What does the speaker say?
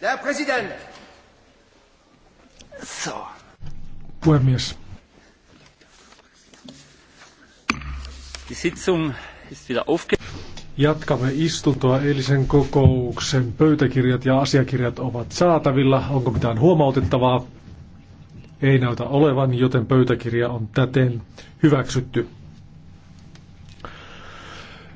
Der Präsident! So. Puhemies. Die Sitzung ist wieder aufge... Jatkamme istuntoa. Eilisen kokouksen pöytäkirjat ja asiakirjat ovat saatavilla. Onko mitään huomautettavaa? Ei näytä olevan, joten pöytäkirja on täten hyväksytty.